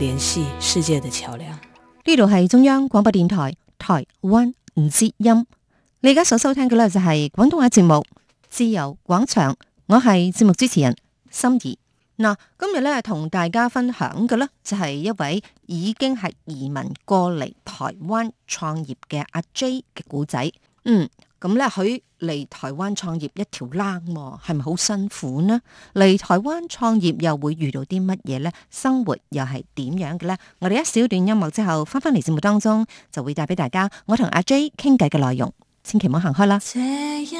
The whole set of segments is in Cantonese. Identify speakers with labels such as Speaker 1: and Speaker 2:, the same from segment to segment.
Speaker 1: 聯繫世界的橋樑。
Speaker 2: 呢度係中央廣播電台台灣之音。你而家所收聽嘅呢，就係廣東話節目《自由廣場》，我係節目主持人心儀。嗱，今日咧同大家分享嘅呢，就係一位已經係移民過嚟台灣創業嘅阿 J 嘅故仔。嗯。咁咧，佢嚟台灣創業一條冷喎，係咪好辛苦呢？嚟台灣創業又會遇到啲乜嘢呢？生活又係點樣嘅呢？我哋一小段音樂之後，翻返嚟節目當中就會帶俾大家我同阿 J 傾偈嘅內容，千祈唔好
Speaker 1: 行開啦。這日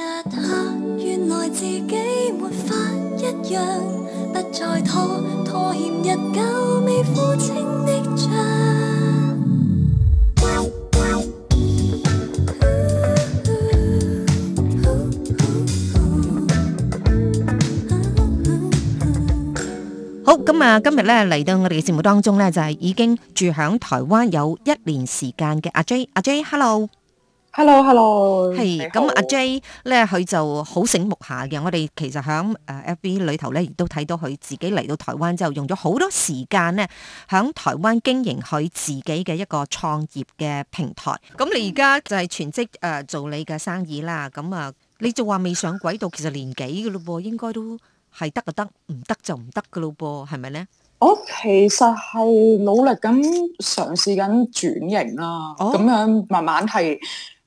Speaker 2: 好，咁啊，今日咧，嚟到我哋嘅節目當中咧，就係、是、已經住響台灣有一年時間嘅阿 J，阿 J，hello，hello，hello，係，咁阿 J 咧，佢就好醒目下嘅，我哋其實響誒 FB 裏頭咧，亦都睇到佢自己嚟到台灣之後，用咗好多時間咧，響台灣經營佢自己嘅一個創業嘅平台。咁你而家就係全職誒、呃、做你嘅生意啦。咁啊，你就話未上軌道，其實年幾噶咯？應該都。係得就得，唔得就唔得噶咯噃，係咪咧？
Speaker 3: 我、oh, okay. 其實係努力咁嘗試緊轉型啦，咁樣慢慢係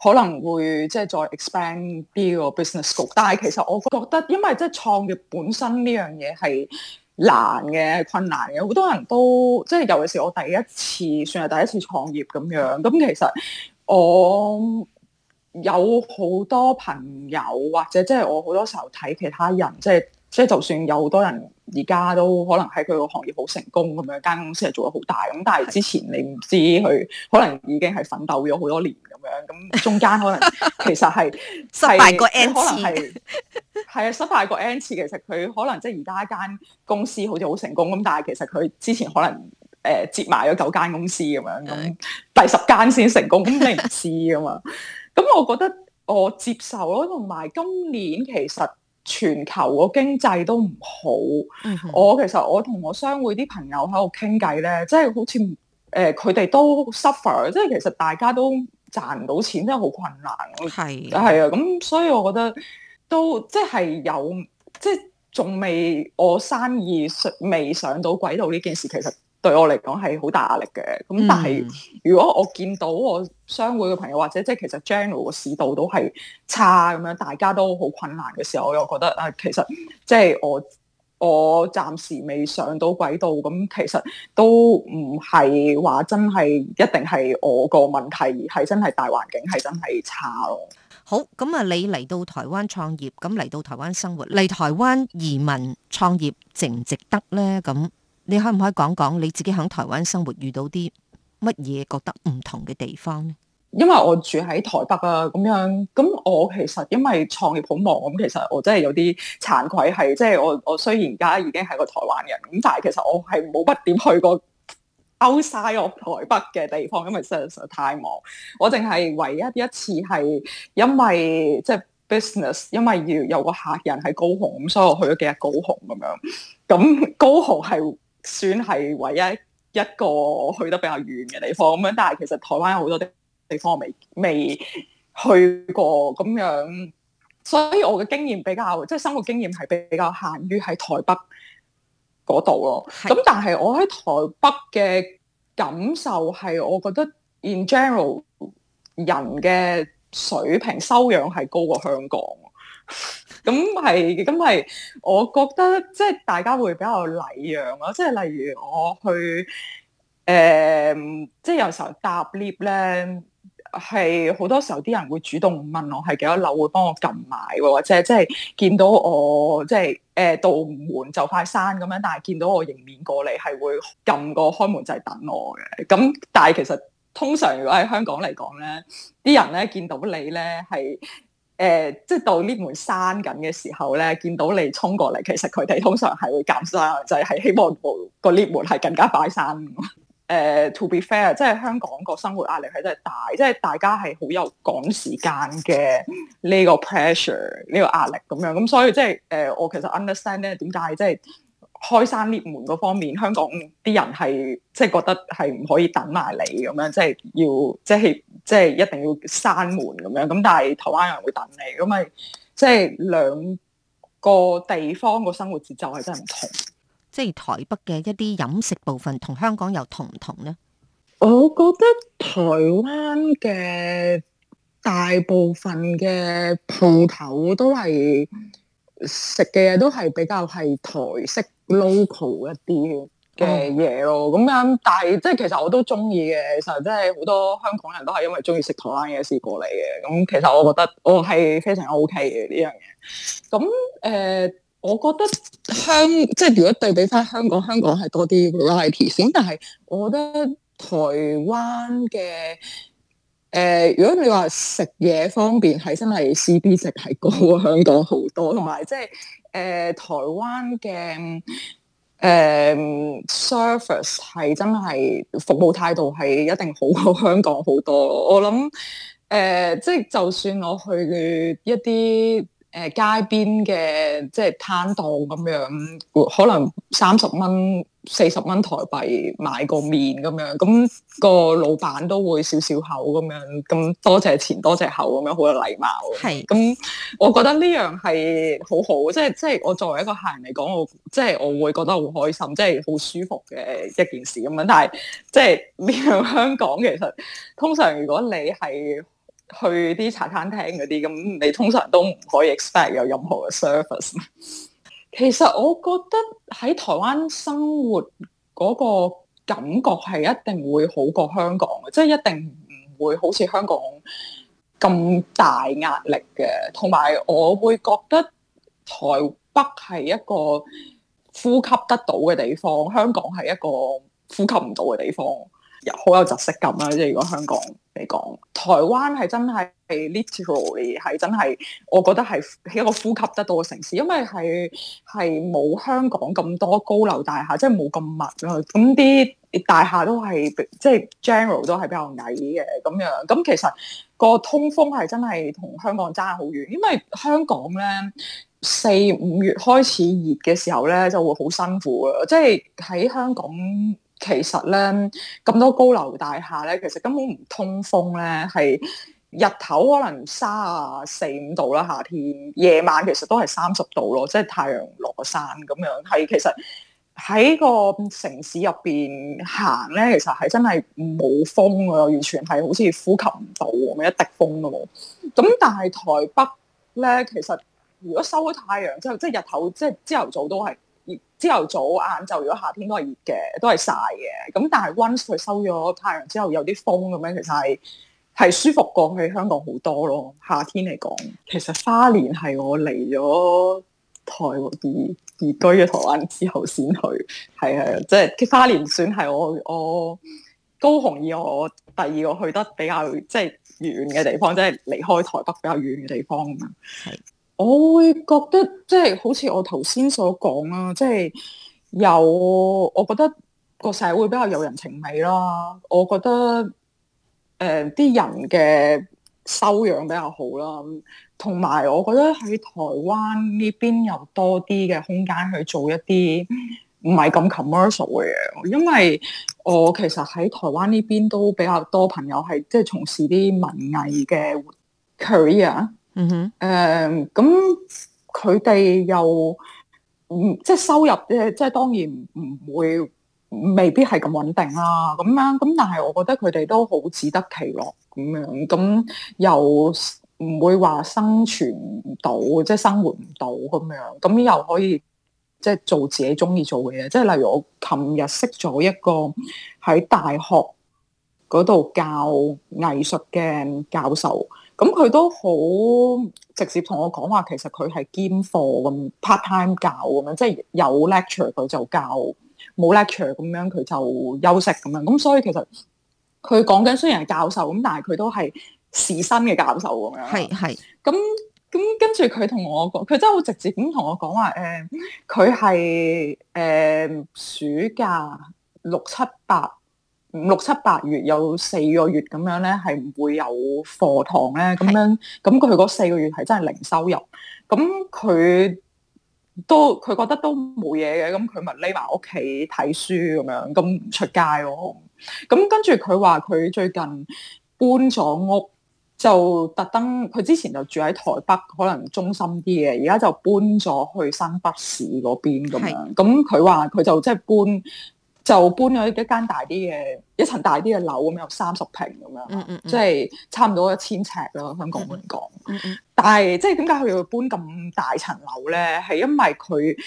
Speaker 3: 可能會即係再 expand 啲個 business scope、oh.。但係其實我覺得，因為即係創業本身呢樣嘢係難嘅，困難嘅，好多人都即係尤其是我第一次，算係第一次創業咁樣。咁其實我有好多朋友，或者即係我好多時候睇其他人即係。即係就算有好多人而家都可能喺佢個行業好成功咁樣，間公司係做得好大咁，但係之前你唔知佢可能已經係奮鬥咗好多年咁樣，咁中間可能其實係 失敗個 N 次可能，係啊， 失敗個 N 次，其實佢可能即係而家間公司好似好成功咁，但係其實佢之前可能誒、呃、接埋咗九間公司咁樣，咁第十間先成功，咁 你唔知噶嘛？咁我覺得我接受咯，同埋今年其實。全球個經濟都唔好，嗯哼，我其實我同我商會啲朋友喺度傾偈咧，就是呃 er，即係好似誒佢哋都 suffer，即係其實大家都賺唔到錢，真係好困難咯。係啊，咁、啊、所以我覺得都即係有，即係仲未我生意未上到軌道呢件事，其實。對我嚟講係好大壓力嘅，咁但係如果我見到我商會嘅朋友或者即係其實 general 個市道都係差咁樣，大家都好困難嘅時候，我又覺得啊，其實即係我我暫時未上到軌道，咁其實都唔係話真係一定係我個問題，係真係大環境係真係差
Speaker 2: 咯。好，咁啊，你嚟到台灣創業，咁嚟到台灣生活，嚟台灣移民創業值唔值得呢？咁你可唔可以講講你自己喺台灣生活遇到啲乜嘢？覺得唔同嘅地方？
Speaker 3: 因為我住喺台北啊，咁樣咁我其實因為創業好忙，咁其實我真係有啲慚愧，係即係我我雖然而家已經係個台灣人，咁但係其實我係冇乜點去過 outside 我台北嘅地方，因為實在實在太忙，我淨係唯一一次係因為即係、就是、business，因為要有個客人喺高雄，咁所以我去咗幾日高雄咁樣。咁高雄係。算係唯一一個去得比較遠嘅地方咁樣，但係其實台灣有好多啲地方我未未去過咁樣，所以我嘅經驗比較即係、就是、生活經驗係比較限於喺台北嗰度咯。咁是但係我喺台北嘅感受係，我覺得 in general 人嘅水平修養係高過香港。咁係，咁係、嗯，我覺得即係大家會比較禮讓咯。即係例如我去，誒、欸，即係有時候搭 lift 咧，係好多時候啲人會主動問我係幾多樓，會幫我撳埋，或者即係見到我即係誒、呃，到門就快閂咁樣，但係見到我迎面過嚟，係會撳個開門掣等我嘅。咁但係其實通常如果喺香港嚟講咧，啲人咧見到你咧係。誒、呃，即係到 lift 門閂緊嘅時候咧，見到你衝過嚟，其實佢哋通常係會減薪，就係、是、希望個 lift 門係更加快閂、 呃。誒，to be fair，即係香港個生活壓力係真係大，即係大家係好有趕時間嘅呢個 pressure，呢個壓力咁、這個、樣，咁所以即係誒、呃，我其實 understand 咧點解即係開閂 lift 門嗰方面，香港啲人係即係覺得係唔可以等埋你咁樣，即係要即係。即係一定要閂門咁樣咁，但係台灣人會等你咁咪，即係兩個地方個
Speaker 2: 生活節奏係真係唔同。即係台北嘅一啲飲食部分同香港又同唔同咧？
Speaker 3: 我覺得台灣嘅大部分嘅鋪頭都係食嘅嘢都係比較係台式 local 一啲嘅嘢咯，咁樣但係即係其實我都中意嘅，其實即係好多香港人都係因為中意食台灣嘢試過嚟嘅，咁其實我覺得我係非常 OK 嘅呢樣嘢。咁誒、呃，我覺得香即係如果對比翻香港，香港係多啲 variety 先，但係我覺得台灣嘅誒，如果你話食嘢方面係真係 C B 值係高過香港好多，同埋即係誒、呃、台灣嘅。誒 service 係真係服務態度係一定好過香港好多，我諗誒、呃、即係就算我去一啲誒、呃、街邊嘅即係攤檔咁樣，可能三十蚊。四十蚊台幣買個麵咁樣，咁個老闆都會笑笑口咁樣，咁多謝前多謝後咁樣，好有禮貌。係咁是，我覺得呢樣係好好，即係即係我作為一個客人嚟講，我即係、即係、我會覺得好開心，即係好舒服嘅一件事咁樣。但係即係喺香港，其實通常如果你係去啲茶餐廳嗰啲咁，你通常都唔可以 expect 有任何嘅 service。其實我覺得喺台灣生活嗰個感覺係一定會好過香港嘅，即係一定唔會好似香港咁大壓力嘅。同埋我會覺得台北係一個呼吸得到嘅地方，香港係一個呼吸唔到嘅地方。好有窒息感啦！即係如果香港嚟講，台灣係真係 literally 係真係，我覺得係一個呼吸得到嘅城市，因為係係冇香港咁多高樓大廈，即係冇咁密啦。咁啲大廈都係即係 general 都係比較矮嘅咁樣。咁其實個通風係真係同香港爭好遠，因為香港咧四五月開始熱嘅時候咧就會好辛苦呀，即係喺香港。其實咧咁多高樓大廈咧，其實根本唔通風咧，係日頭可能卅啊四五度啦，夏天夜晚其實都係三十度咯，即係太陽落山咁樣，係其實喺個城市入邊行咧，其實係真係冇風咯，完全係好似呼吸唔到咁，一滴風都冇。咁但係台北咧，其實如果收咗太陽之後，即係日頭，即係朝頭早都係。朝頭早、晏晝，如果夏天都係熱嘅，都係晒嘅。咁但係 once 佢收咗太陽之後，有啲風咁樣，其實係係舒服過喺香港好多咯。夏天嚟講，其實花蓮係我嚟咗台移移居咗台灣之後先去，係啊，即係花蓮算係我我高雄以外我第二個去得比較即係遠嘅地方，即係離開台北比較遠嘅地方啊。係。我會覺得即係好似我頭先所講啦，即係有我覺得個社會比較有人情味啦，我覺得誒啲、呃、人嘅修養比較好啦，同埋我覺得喺台灣呢邊有多啲嘅空間去做一啲唔係咁 commercial 嘅嘢，因為我其實喺台灣呢邊都比較多朋友係即係從事啲文藝嘅 career。Uh huh. 嗯哼，誒，咁佢哋又，嗯、即係收入咧，即係當然唔會未必係咁穩定啦、啊。咁樣，咁，但係我覺得佢哋都好自得其樂，咁樣，咁又唔會話生存唔到，即係生活唔到咁樣，咁又可以即係做自己中意做嘅嘢。即係例如我琴日識咗一個喺大學嗰度教藝術嘅教授。咁佢都好直接同我講話，其實佢係兼課咁 part time 教，咁樣，即係有 lecture 佢就教，冇 lecture 咁樣佢就休息咁樣。咁所以其實佢講緊雖然係教授咁，但係佢都係時薪嘅教授咁樣。係係。咁咁跟住佢同我講，佢真係好直接咁同我講話，誒佢係誒暑假六七八。五六七八月有四個月咁樣咧，係唔會有課堂咧是的，咁樣咁佢嗰四個月係真係零收入，咁佢都佢覺得都冇嘢嘅，咁佢咪匿埋屋企睇書咁樣，咁唔出街咯、喎。咁跟住佢話佢最近搬咗屋，就特登佢之前就住喺台北，可能中心啲嘅，而家就搬咗去新北市嗰邊咁樣。咁佢話佢就即係搬。就搬咗一間大啲嘅一層大啲嘅樓咁有三十坪咁樣，即係差唔多一千尺咯。我想講講，但係即係點解佢要搬咁大層樓咧？係因為佢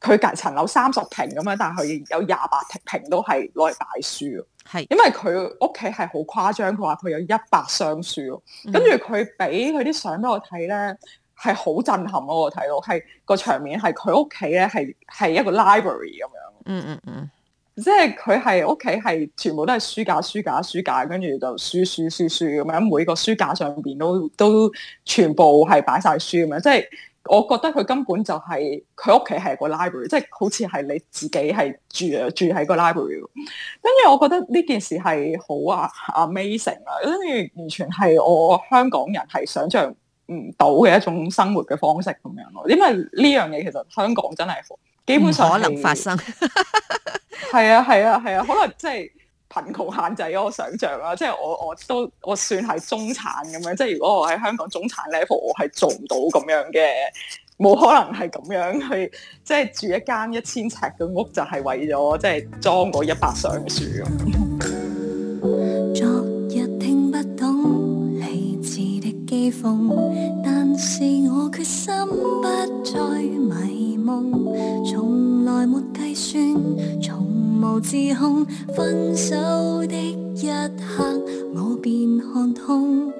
Speaker 3: 佢隔層樓三十坪咁樣，但係佢有廿八坪都係攞嚟擺書。係因為佢屋企係好誇張，佢話佢有一百箱書。跟住佢俾佢啲相俾我睇咧，係好震撼咯！我睇到係個場面係佢屋企咧係係一個 library 咁樣。嗯嗯嗯。即係佢係屋企係全部都係書架、書架、書架，跟住就書書書書咁樣，每個書架上邊都都全部係擺晒書咁樣。即係我覺得佢根本就係佢屋企係個 library，即係好似係你自己係住住喺個 library。跟住我覺得呢件事係好啊 amazing 啊，跟住完全係我香港人係想象唔到嘅一種生活嘅方式咁樣咯。因為呢樣嘢其實香港真係。基本上唔可能發生、 啊，係啊係啊係啊，可能即係貧窮限制咗我想像啊！即、就、係、是、我我都我算係中產咁樣，即、就、係、是、如果我喺香港中產 level，我係做唔到咁樣嘅，冇可能係咁樣去即係、就是、住一間一千尺嘅屋就係為咗即係裝嗰一百箱樹
Speaker 1: 咁。 是我決心不再迷夢，從來沒計算，從無自控。分手的一刻，我便看通。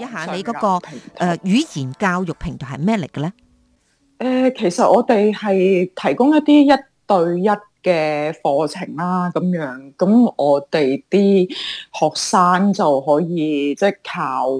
Speaker 1: 一下你嗰個
Speaker 2: 誒語言教育平台係咩嚟嘅咧？誒、嗯，其實我哋係提
Speaker 3: 供一啲一對一嘅課程啦，咁樣，咁我哋啲學生就可以即係、就是、靠。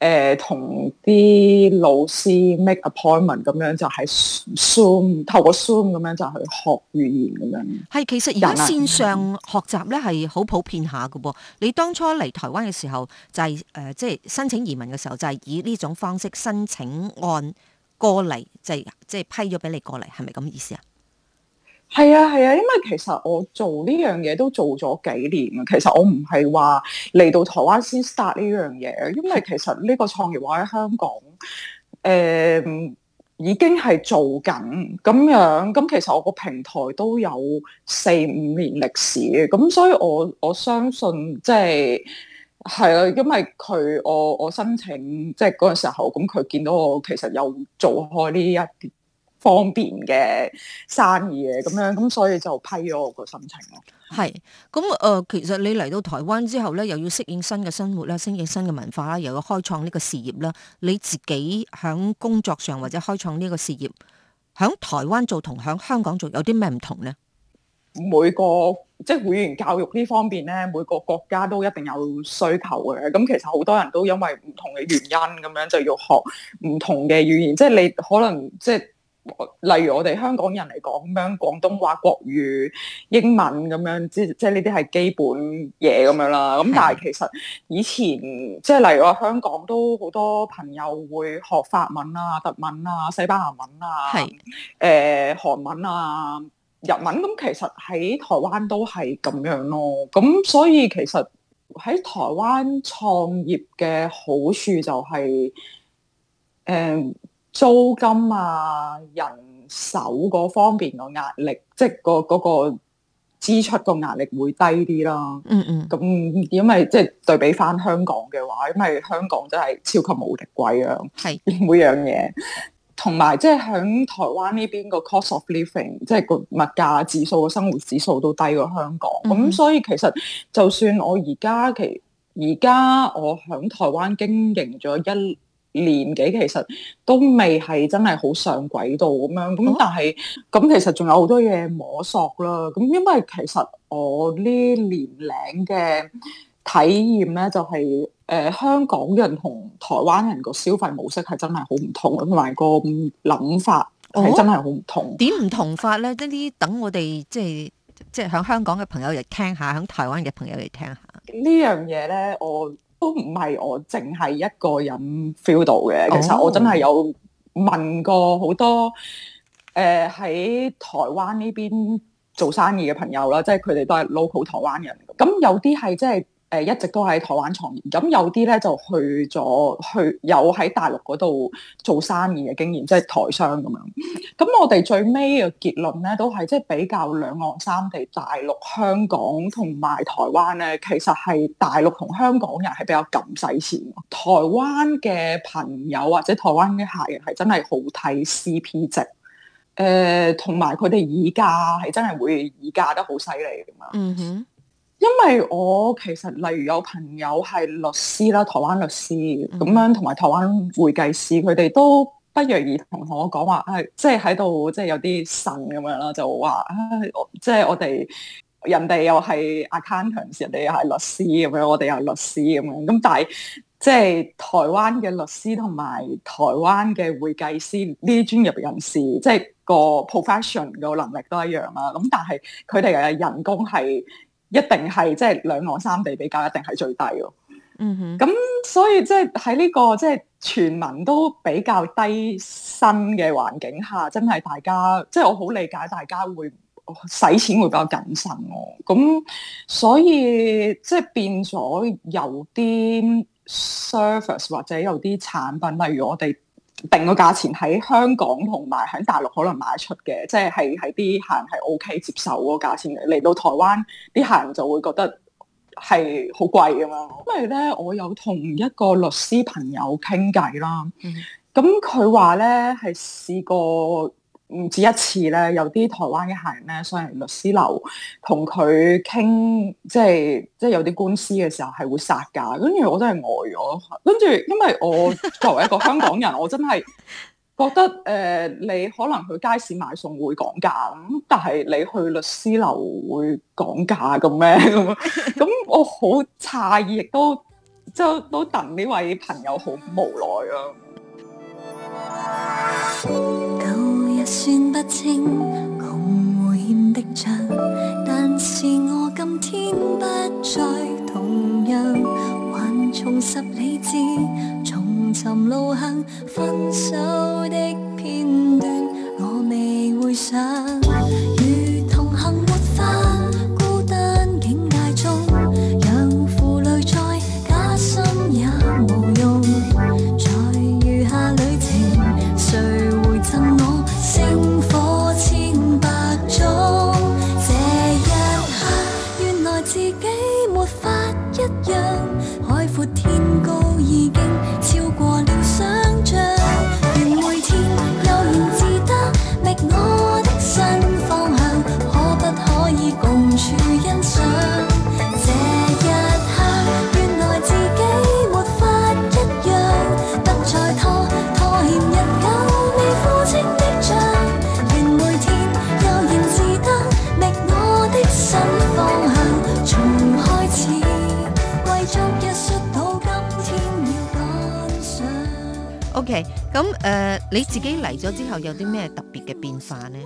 Speaker 3: 誒同啲老師 make appointment，咁樣就係 Zoom 透過 Zoom，咁樣就去學語言咁樣，係其實而家線
Speaker 2: 上學習咧係好普遍下嘅噃。了你當初嚟台灣嘅時候就係誒即係申請移民嘅時候就係、是，以呢種方式申請案過嚟就係即係批咗俾你過嚟係咪咁嘅意思啊？
Speaker 3: 係啊，係啊，因為其實我做呢樣嘢都做咗幾年啊。其實我唔係話嚟到台灣先 start 呢樣嘢，因為其實呢個創業話喺香港，誒、呃、已經係做緊咁樣。咁、嗯、其實我個平台都有四五年歷史嘅，咁、嗯、所以我我相信即係係啊，因為佢我我申請即係嗰陣時候，咁、嗯、佢見到我其實有做開呢一。方便嘅生意嘅咁樣，咁所以就批咗我個申請咯。
Speaker 2: 係咁，誒、呃，其實你嚟到台灣之後呢，又要適應新嘅生活啦，適應新嘅文化啦，又要開創呢個事業啦。你自己喺工作上或者開創呢個事業，喺台灣做同喺香港做有啲咩唔同呢？
Speaker 3: 每個即係語言教育呢方面呢，每個國家都一定有需求嘅。咁其實好多人都因為唔同嘅原因咁樣就要學唔同嘅語言。即係你可能即係。例如我哋香港人嚟講咁樣，廣東話、國語、英文咁樣，即即呢啲係基本嘢咁樣啦。咁是但係其實以前，即係例如我香港都好多朋友會學法文啊、德文啊、西班牙文啊、係誒是、呃、韓文啊、日文咁，其實喺台灣都係咁樣咯。咁所以其實喺台灣創業嘅好處就係、是、誒。呃租金啊，人手嗰方面個壓力，即係、嗰個、嗰個支出個壓力會低啲啦。嗯嗯，咁因為即係、就是、對比翻香港嘅話，因為香港真係超級無敵貴啊，係是每樣嘢，同埋即係響台灣呢邊個 cost of living，即係個物價指數個生活指數都低過香港。咁、嗯嗯、所以其實就算我而家其而家我響台灣經營咗一年紀其實都未係真係好上軌道咁樣，咁、哦、但係咁其實仲有好多嘢摸索啦。咁因為其實我年呢年齡嘅體驗咧，就係、是、誒、呃、香港人同台灣人個消
Speaker 2: 費模式係真係好唔同，同
Speaker 3: 埋個諗法係真係好唔同。
Speaker 2: 點唔、哦、同法咧？即啲等我哋即係即係響香港嘅朋友嚟聽下，響台灣嘅朋友嚟聽下
Speaker 3: 呢樣嘢咧，我。都唔係我淨係一個人 feel 到嘅。哦、其實我真係有問過好多誒喺、呃、台灣呢邊做生意嘅朋友啦，即係佢哋都係 local 台灣人，咁有啲係即係。誒、呃、一直都喺台灣創業，咁有啲咧就去咗去有喺大陸嗰度做生意嘅經驗，即係台商咁樣。咁我哋最尾嘅結論咧，都係即係比較兩岸三地，大陸、香港同埋台灣咧，其實係大陸同香港人係比較咁使錢，台灣嘅朋友或者台灣嘅客人係真係好睇 CP 值，誒同埋佢哋議價係真係會議價得好犀利㗎嘛。嗯哼。因為我其實例如有朋友係律師啦，台灣律師咁樣，同埋台灣會計師佢哋都不約而同同我講話，係即係喺度，即係有啲神咁樣啦，就話啊、哎，即係我哋人哋又係 accountant，人哋又係律師咁樣，我哋又係律師咁樣。咁但係即係台灣嘅律師同埋台灣嘅會計師呢啲專業人士，即係個 professional 嘅能力都一樣啦。咁但係佢哋嘅人工係。一定係即係兩岸三地比較，一定係最低咯。
Speaker 1: 嗯
Speaker 3: 哼，咁所以即係喺呢個即係、就是、全民都比較低薪嘅環境下，真係大家即係、就是、我好理解大家會使、哦、錢會比較謹慎咯。咁所以即係、就是、變咗有啲 service 或者有啲產品，例如我哋。定個價錢喺香港同埋喺大陸可能賣出嘅，即係喺啲客人係 OK 接受嗰個價錢嚟到台灣，啲客人就會覺得係好貴㗎嘛。因為咧，我有同一個律師朋友傾偈啦，咁佢話咧係試過。唔止一次咧，有啲台灣嘅客人咧上嚟律師樓同佢傾，即係即係有啲官司嘅時候係會殺價，跟住我真係呆咗。跟住因為我作為一個香港人， 我真係覺得誒、呃，你可能去街市買餸會講價咁，但係你去律師樓會講價嘅咩咁？ 咁我好詫異，亦都就都等呢位朋友好無奈咯、啊。
Speaker 1: 算不清窮共繪的章，但是我今天不再同樣，還重拾理智，重尋路向，分手的。
Speaker 2: 咁誒、呃，你自己嚟咗之後有啲咩特別嘅變化咧？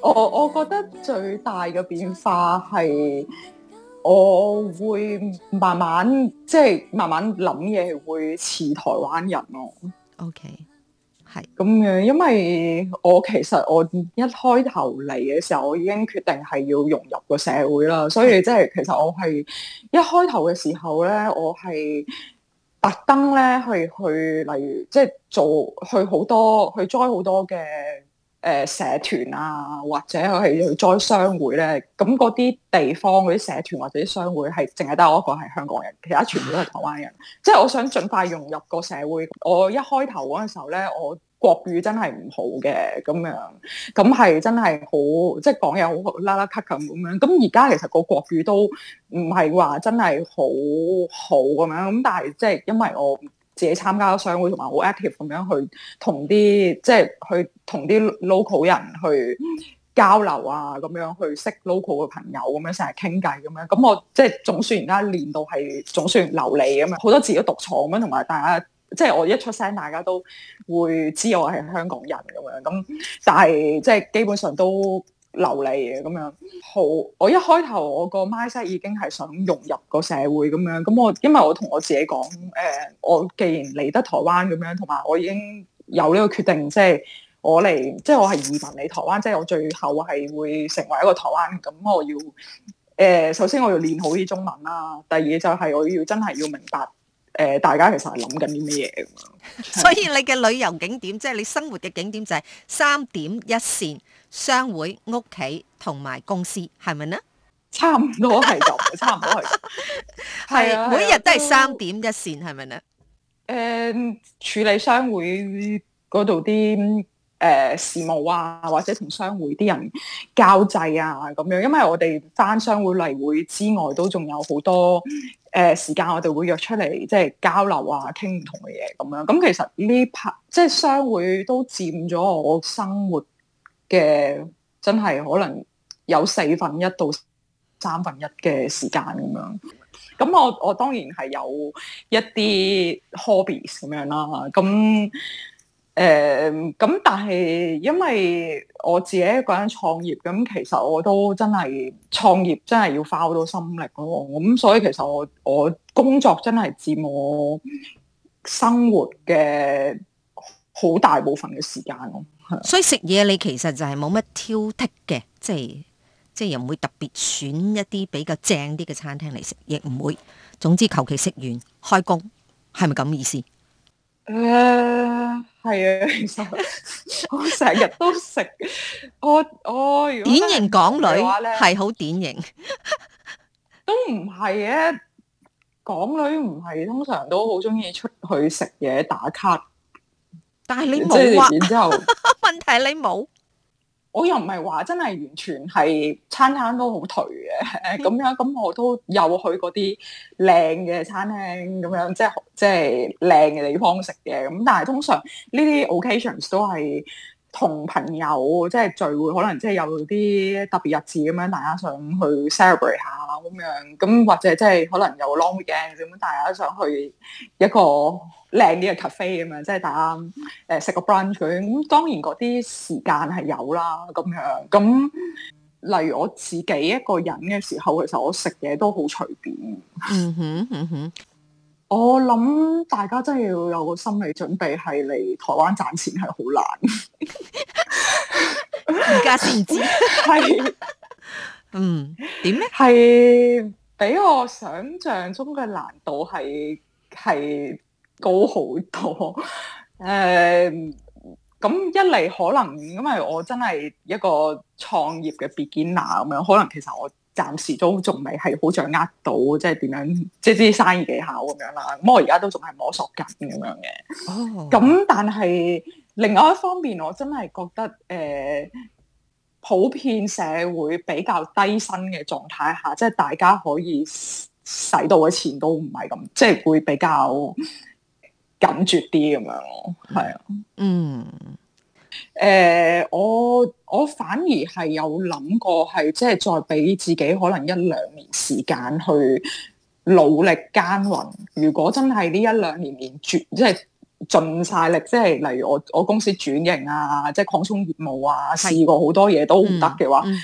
Speaker 3: 我我覺得最大嘅變化係我會慢慢即係、就是、慢慢諗嘢，會似台灣人咯。OK，係咁嘅，因為我其實我一開頭嚟嘅時候，我已經決定係要融入個社會啦，所以即係其實我係一開頭嘅時候咧，我係。特、啊、登咧去去，例如即係做去好多去 join 好多嘅誒、呃、社團啊，或者去去 join 商會咧，咁嗰啲地方嗰啲社團或者啲商會係淨係得我一個係香港人，其他全部都係台灣人。即係我想盡快融入個社會，我一開頭嗰陣時候咧，我。國語真係唔好嘅，咁樣咁係真係好，即係講嘢好好啦啦咳咁咁樣。咁而家其實個國語都唔係話真係好好咁樣。咁但係即係因為我自己參加咗商會，同埋好 active 咁樣去同啲即係去同啲 local 人去交流啊，咁樣去識 local 嘅朋友，咁樣成日傾偈咁樣。咁我即係總算而家練到係總算流利咁樣，好多字都讀錯咁樣，同埋大家。即係我一出聲，大家都會知我係香港人咁樣。咁但係即係基本上都流利嘅咁樣。好，我一開頭我個 mindset 已經係想融入個社會咁樣。咁我因為我同我自己講，誒、呃，我既然嚟得台灣咁樣，同埋我已經有呢個決定，即係我嚟，即係我係移民嚟台灣。即係我最後係會成為一個台灣。咁我要誒、呃，首先我要練好啲中文啦。第二就係我要真係要明白。誒、呃，大家其實係諗緊啲咩嘢
Speaker 2: 啊？所以你嘅旅遊景點，即係你生活嘅景點，就係三點一線、商會 嗎、屋企同埋公司，係咪呢？差唔多係，就差唔多係，係每日都係三點一線，係咪呢？誒，處理
Speaker 3: 商會嗰度啲。誒、呃，事務啊，或者同商會啲人交際啊，咁樣，因為我哋返商會例會之外，都仲有好多誒、呃、時間，我哋會約出嚟即係交流啊，傾唔同嘅嘢咁樣。咁、嗯、其實呢 part 即係商會都佔咗我生活嘅真係可能有四分一到三分一嘅時間咁樣。咁、嗯嗯嗯嗯、我我當然係有一啲 hobbies 咁樣啦。咁誒咁、嗯，但係因為我自己一個人創業，咁其實我都真係創業，真係要花好多心力咯。咁所以其實我我工作真係佔我生活嘅好大部分嘅時間。咁
Speaker 2: 所以食嘢你其實就係冇乜挑剔嘅，即係即係又唔會特別選一啲比較正啲嘅餐廳嚟食，亦唔會。總之求其食完，開工係咪咁意思？誒，係啊、呃，其實我成日都食，
Speaker 3: 我我，我典型港女係好
Speaker 2: 典型，
Speaker 3: 都唔係嘅，港女唔係通常都好中意出去食嘢打卡，但係你冇啊，然之後 問題你冇。我又唔係話真係完全係餐餐都好頹嘅咁樣，咁我都有去嗰啲靚嘅餐廳咁樣，即係即係靚嘅地方食嘅咁，但係通常呢啲 occasions 都係。同朋友即係聚會，可能即係有啲特別日子咁樣，大家想去 celebrate 下咁樣，咁或者即係可能有 long game 咁，大家想去一個靚啲嘅 cafe 咁樣，即係大家誒食個 brunch 咁。當然嗰啲時間係有啦，咁樣咁。例如我自己一個人嘅時候，其實我食嘢都好隨便，嗯。嗯
Speaker 1: 哼嗯哼。
Speaker 3: 我諗大家真係要有個心理準備，係嚟台灣賺錢係好難。而家先知，係，嗯點咧？係比我想象中嘅難度係，係高好多、 嗯。誒，咁、 呃、一嚟可能，因為我真係一個創業嘅 beginner 咁樣，可能其實我。暫時都仲未係好掌握到，即係點樣，即係啲生意技巧咁樣啦。咁我而家都仲係摸索緊咁樣嘅。哦、oh。咁但係另外一方面，我真係覺得誒、呃，普遍社會比較低薪嘅狀態下，即係大家可以使到嘅錢都唔係咁，即係會比較緊絕啲咁樣咯。係啊。嗯。Mm. 誒、呃，我我反而係有諗過，係即係再俾自己可能一兩年時間去努力耕耘。如果真係呢一兩年連絕，即係盡晒力，即係例如我我公司轉型啊，即係擴充業務啊，試過好多嘢都唔得嘅話，咁、嗯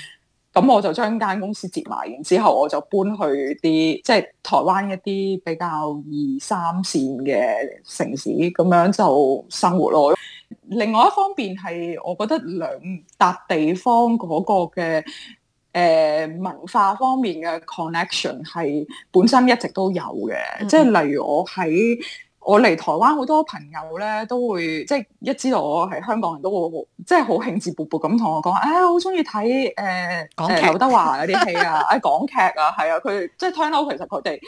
Speaker 3: 嗯、我就將間公司接埋，然之後我就搬去啲即係台灣一啲比較二三線嘅城市，咁樣就生活咯。另外一方面係，我覺得兩笪地方嗰個嘅誒、呃、文化方面嘅 connection 係本身一直都有嘅，嗯、即係例如我喺我嚟台灣好多朋友咧都會即係一知道我係香港人都會即係好興致勃勃咁同我講，啊好中意睇港劇劉德華嗰啲戲啊，啊港劇啊，係啊，佢即係聽嬲，其實佢哋。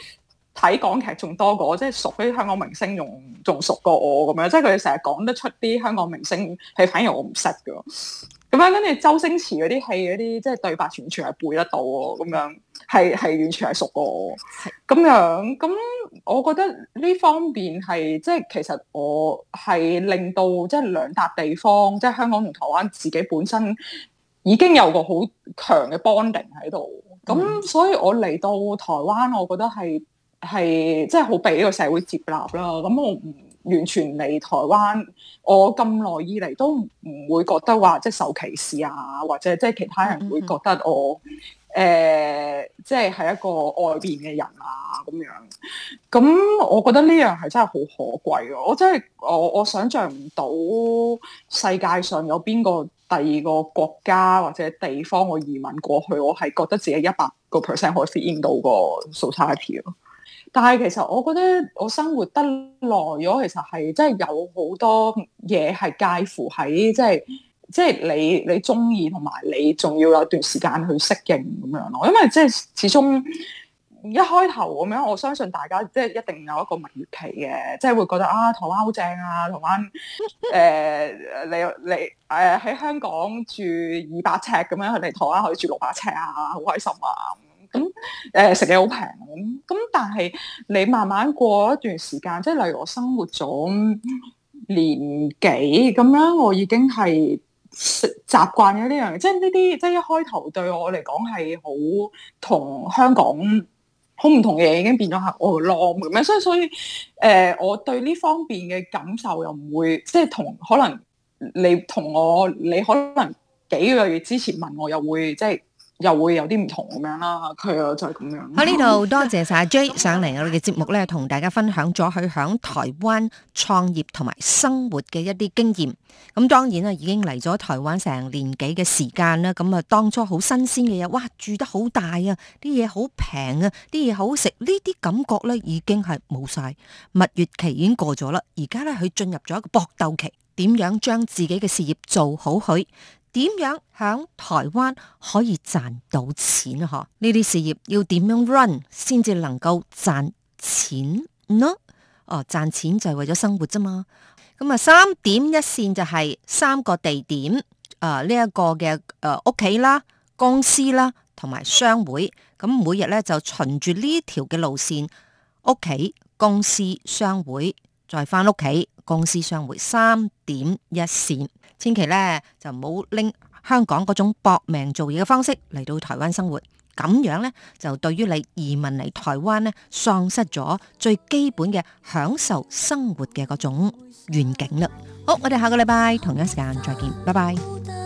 Speaker 3: 睇港劇仲多過，即係熟啲香港明星，仲仲熟過我咁樣。即係佢哋成日講得出啲香港明星戲，係反而我唔識嘅。咁樣跟住周星馳嗰啲戲嗰啲，即係對白完全係背得到我。咁樣係係完全係熟過我。咁樣咁，我覺得呢方面係即係其實我係令到即係兩笪地方，即係香港同台灣自己本身已經有個好強嘅 bonding 喺度。咁、嗯、所以我嚟到台灣，我覺得係。係真係好被呢個社會接納啦。咁、嗯、我唔完全嚟台灣，我咁耐以嚟都唔會覺得話即係受歧視啊，或者即係其他人會覺得我誒、呃、即係係一個外邊嘅人啊咁樣。咁、嗯、我覺得呢樣係真係好可貴咯。我真係我我想象唔到世界上有邊個第二個國家或者地方我移民過去，我係覺得自己一百個 percent 可以 fit into 個 society 咯。但係其實我覺得我生活得耐咗，其實係真係有好多嘢係介乎喺即係即係你你中意同埋你仲要有段時間去適應咁樣咯，因為即係始終一開頭咁樣，我相信大家即係一定有一個蜜月期嘅，即係會覺得啊，台灣好正啊，台灣誒你你誒喺香港住二百尺咁樣，佢哋台灣可以住六百尺啊，好開心啊！
Speaker 1: 咁誒食嘢好平
Speaker 3: 咁，咁、嗯嗯、但係你慢慢過一段時間，即係例如我生活咗年幾咁樣，我已經係習慣咗呢樣嘢，即係呢啲，即係一開頭對我嚟講係好同香港好唔同嘅嘢，已經變咗係我咯咁樣，所以所以誒、呃，我對呢方面嘅感受又唔會即係同可能你同我，你可能幾個月之前問我又會即係。又會有啲唔同咁樣啦，佢啊就係咁樣。
Speaker 2: 喺呢度多謝晒阿 J 上嚟我哋嘅節目咧，同大家分享咗佢響台灣創業同埋生活嘅一啲經驗。咁當然啦，已經嚟咗台灣成年幾嘅時間啦。咁啊，當初好新鮮嘅嘢，哇，住得好大啊，啲嘢好平啊，啲嘢好食，呢啲感覺咧已經係冇晒。蜜月期已經過咗啦，而家咧佢進入咗一個搏鬥期，點樣將自己嘅事業做好佢？點樣響台灣可以賺到錢嗬，呢啲事業要點樣 run 先至能夠賺錢呢？哦，賺錢就係為咗生活咋嘛？咁、嗯、啊，三點一線就係三個地點啊，呢、呃、一、這個嘅誒屋企啦、公司啦，同埋商會。咁、嗯、每日咧就循住呢條嘅路線，屋企、公司、商會，再返屋企、公司、商會，三點一線。千祈咧就唔好拎香港嗰種搏命做嘢嘅方式嚟到台灣生活，咁樣咧就對於你移民嚟台灣咧，喪失咗最基本嘅享受生活嘅嗰種願景啦。好，我哋下個禮拜同一時間再見，拜拜。